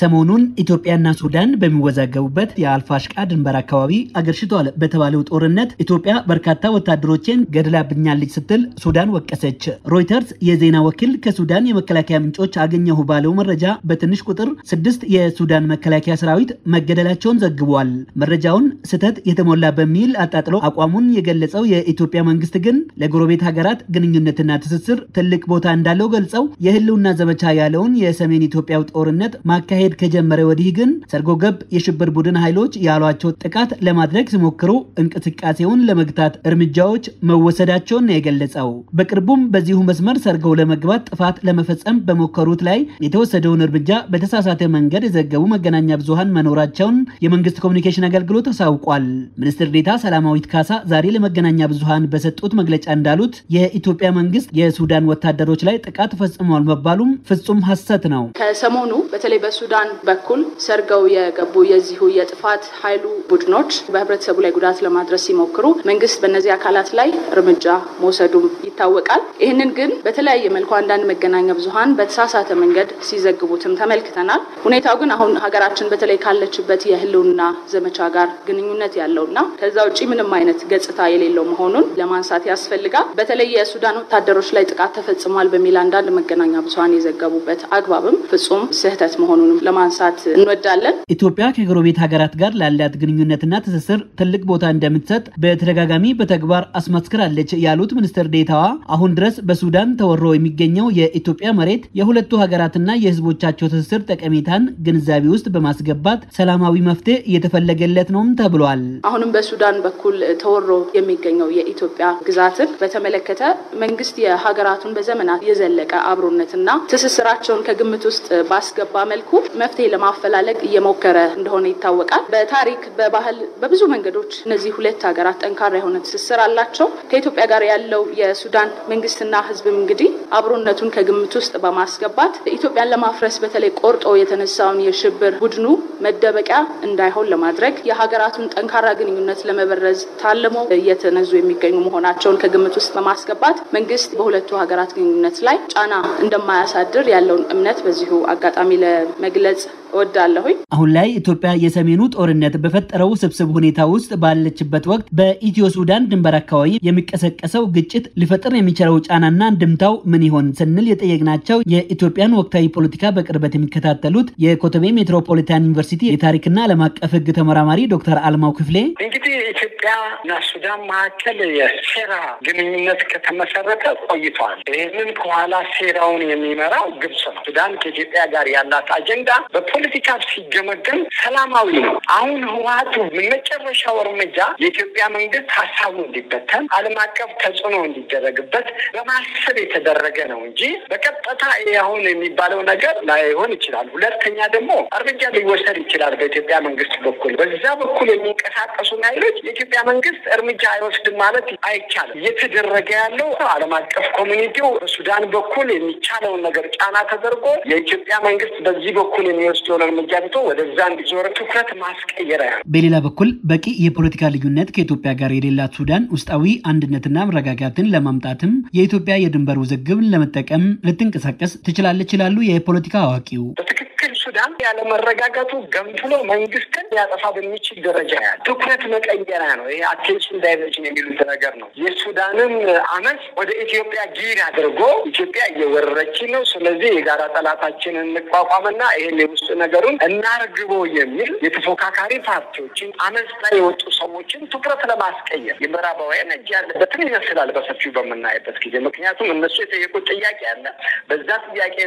ሰሞኑን ኢትዮጵያና ሱዳን በሚወዛገቡበት የአልፋሽቃ ድንበር አካባቢ አገርሽቷል በተባለው ጦርነት ኢትዮጵያ በርካታ ወታደሮችን ገድላብኛለች ስትል ሱዳን ወቀሰች። ሮይተርስ የዜና ወኪል ከሱዳን የመከላከያ ምንጮች አገኘሁ ባለው መረጃ በትንሽ ቁጥር ስድስት የሱዳን መከላከያ ሰራዊት መገደላቸውን ዘግቧል። መረጃውን ስህተት የተሞላ በሚል አጣጥሎ አቋሙን የገለጸው የኢትዮጵያ መንግስት ግን ለጎረቤት ሀገራት ግንኙነትና ትስስር ትልቅ ቦታ እንዳለው ገልጸው የህልውና ዘመቻ ያለውን የሰሜን ኢትዮጵያው ጦርነት ማካሄድ መካሄድ ከጀመረ ወዲህ ግን ሰርጎ ገብ የሽብር ቡድን ኃይሎች ያሏቸው ጥቃት ለማድረግ ሲሞክሩ እንቅስቃሴውን ለመግታት እርምጃዎች መወሰዳቸውን ነው የገለጸው። በቅርቡም በዚሁ መስመር ሰርገው ለመግባት ጥፋት ለመፈጸም በሞከሩት ላይ የተወሰደውን እርምጃ በተሳሳተ መንገድ የዘገቡ መገናኛ ብዙሃን መኖራቸውን የመንግስት ኮሚኒኬሽን አገልግሎት አሳውቋል። ሚኒስትር ዴታ ሰላማዊት ካሳ ዛሬ ለመገናኛ ብዙሃን በሰጡት መግለጫ እንዳሉት የኢትዮጵያ መንግስት የሱዳን ወታደሮች ላይ ጥቃት ፈጽሟል መባሉም ፍጹም ሐሰት ነው። ከሰሞኑ በተለይ በሱዳን በሱዳን በኩል ሰርገው የገቡ የዚሁ የጥፋት ኃይሉ ቡድኖች በህብረተሰቡ ላይ ጉዳት ለማድረስ ሲሞክሩ መንግስት በእነዚህ አካላት ላይ እርምጃ መውሰዱም ይታወቃል። ይህንን ግን በተለያየ መልኩ አንዳንድ መገናኛ ብዙሀን በተሳሳተ መንገድ ሲዘግቡትም ተመልክተናል። ሁኔታው ግን አሁን ሀገራችን በተለይ ካለችበት የህልውና ዘመቻ ጋር ግንኙነት ያለውና ከዛ ውጭ ምንም አይነት ገጽታ የሌለው መሆኑን ለማንሳት ያስፈልጋል። በተለይ የሱዳን ወታደሮች ላይ ጥቃት ተፈጽሟል በሚል አንዳንድ መገናኛ ብዙሀን የዘገቡበት አግባብም ፍጹም ስህተት መሆኑንም ለማንሳት እንወዳለን። ኢትዮጵያ ከጎረቤት ሀገራት ጋር ላላት ግንኙነትና ትስስር ትልቅ ቦታ እንደምትሰጥ በተደጋጋሚ በተግባር አስመስክራለች ያሉት ሚኒስትር ዴታዋ አሁን ድረስ በሱዳን ተወሮ የሚገኘው የኢትዮጵያ መሬት የሁለቱ ሀገራትና የህዝቦቻቸው ትስስር ጠቀሜታን ግንዛቤ ውስጥ በማስገባት ሰላማዊ መፍትሄ እየተፈለገለት ነውም ተብሏል። አሁንም በሱዳን በኩል ተወሮ የሚገኘው የኢትዮጵያ ግዛትን በተመለከተ መንግስት የሀገራቱን በዘመናት የዘለቀ አብሮነትና ትስስራቸውን ከግምት ውስጥ ባስገባ መልኩ መፍትሄ ለማፈላለግ እየሞከረ እንደሆነ ይታወቃል። በታሪክ በ በባህል በብዙ መንገዶች እነዚህ ሁለት ሀገራት ጠንካራ የሆነ ትስስር አላቸው። ከኢትዮጵያ ጋር ያለው የሱዳን መንግስትና ህዝብም እንግዲህ አብሮነቱን ከግምት ውስጥ በማስገባት ኢትዮጵያን ለማፍረስ በተለይ ቆርጦ የተነሳውን የሽብር ቡድኑ መደበቂያ እንዳይሆን ለማድረግ የሀገራቱን ጠንካራ ግንኙነት ለመበረዝ ታልሞ እየተነዙ የሚገኙ መሆናቸውን ከግምት ውስጥ በማስገባት መንግስት በሁለቱ ሀገራት ግንኙነት ላይ ጫና እንደማያሳድር ያለውን እምነት በዚሁ አጋጣሚ ለመግለጽ እወዳለሁኝ። አሁን ላይ ኢትዮጵያ የሰሜኑ ጦርነት በፈጠ በተፈጠረው ስብስብ ሁኔታ ውስጥ ባለችበት ወቅት በኢትዮ ሱዳን ድንበር አካባቢ የሚቀሰቀሰው ግጭት ሊፈጥር የሚችለው ጫናና እንድምታው ምን ይሆን ስንል የጠየቅናቸው የኢትዮጵያን ወቅታዊ ፖለቲካ በቅርበት የሚከታተሉት የኮተቤ ሜትሮፖሊታን ዩኒቨርሲቲ የታሪክና ዓለም አቀፍ ሕግ ተመራማሪ ዶክተር አልማው ክፍሌ እንግዲህ ኢትዮጵያ እና ሱዳን መካከል የሴራ ግንኙነት ከተመሰረተ ቆይቷል። ይህንን ከኋላ ሴራውን የሚመራው ግብጽ ነው። ሱዳን ከኢትዮጵያ ጋር ያላት አጀንዳ በፖለቲካ ሲገመገም ሰላማዊ ነው። አሁን ህወሀት አትሁን። መጨረሻው እርምጃ የኢትዮጵያ መንግስት ሀሳቡ እንዲበተን ዓለም አቀፍ ተጽዕኖ እንዲደረግበት በማሰብ የተደረገ ነው እንጂ በቀጥታ አሁን የሚባለው ነገር ላይሆን ይችላል። ሁለተኛ ደግሞ እርምጃ ሊወሰድ ይችላል በኢትዮጵያ መንግስት በኩል በዛ በኩል የሚንቀሳቀሱ ኃይሎች የኢትዮጵያ መንግስት እርምጃ አይወስድም ማለት አይቻልም። እየተደረገ ያለው ዓለም አቀፍ ኮሚኒቲው በሱዳን በኩል የሚቻለውን ነገር ጫና ተደርጎ የኢትዮጵያ መንግስት በዚህ በኩል የሚወስደውን እርምጃ ትቶ ወደዛ እንዲዞር ትኩረት ማስቀየሪያ በሌላ በኩል በቂ የፖለቲካ ልዩነት ከኢትዮጵያ ጋር የሌላት ሱዳን ውስጣዊ አንድነትና መረጋጋትን ለማምጣትም የኢትዮጵያ የድንበር ውዝግብን ለመጠቀም ልትንቀሳቀስ ትችላለች ይላሉ የፖለቲካ አዋቂው። ሱዳን ያለመረጋጋቱ ገንፍሎ መንግስትን ሊያጠፋ በሚችል ደረጃ ያለ ትኩረት መቀየራ ነው። ይሄ አቴንሽን ዳይቨርሽን የሚሉት ነገር ነው። የሱዳንን አመፅ ወደ ኢትዮጵያ ጊን አድርጎ ኢትዮጵያ እየወረረችን ነው። ስለዚህ የጋራ ጠላታችን እንቋቋምና ይሄን የውስጥ ነገሩን እናርግቦ የሚል የተፎካካሪ ፓርቲዎችን አመፅ ላይ የወጡ ሰዎችን ትኩረት ለማስቀየር የምዕራባውያን እጅ ያለበትን ይመስላል በሰፊው በምናይበት ጊዜ። ምክንያቱም እነሱ የጠየቁት ጥያቄ አለ። በዛ ጥያቄ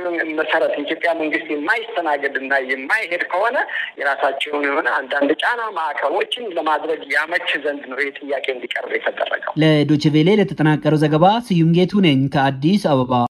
መሰረት የኢትዮጵያ መንግስት የማይስተናገድ እና የማይሄድ ከሆነ የራሳቸውን የሆነ አንዳንድ ጫና ማዕከቦችን ለማድረግ ያመች ዘንድ ነው ይህ ጥያቄ እንዲቀርብ የተደረገው። ለዶችቬሌ ለተጠናቀረው ዘገባ ስዩም ጌቱ ነኝ ከአዲስ አበባ።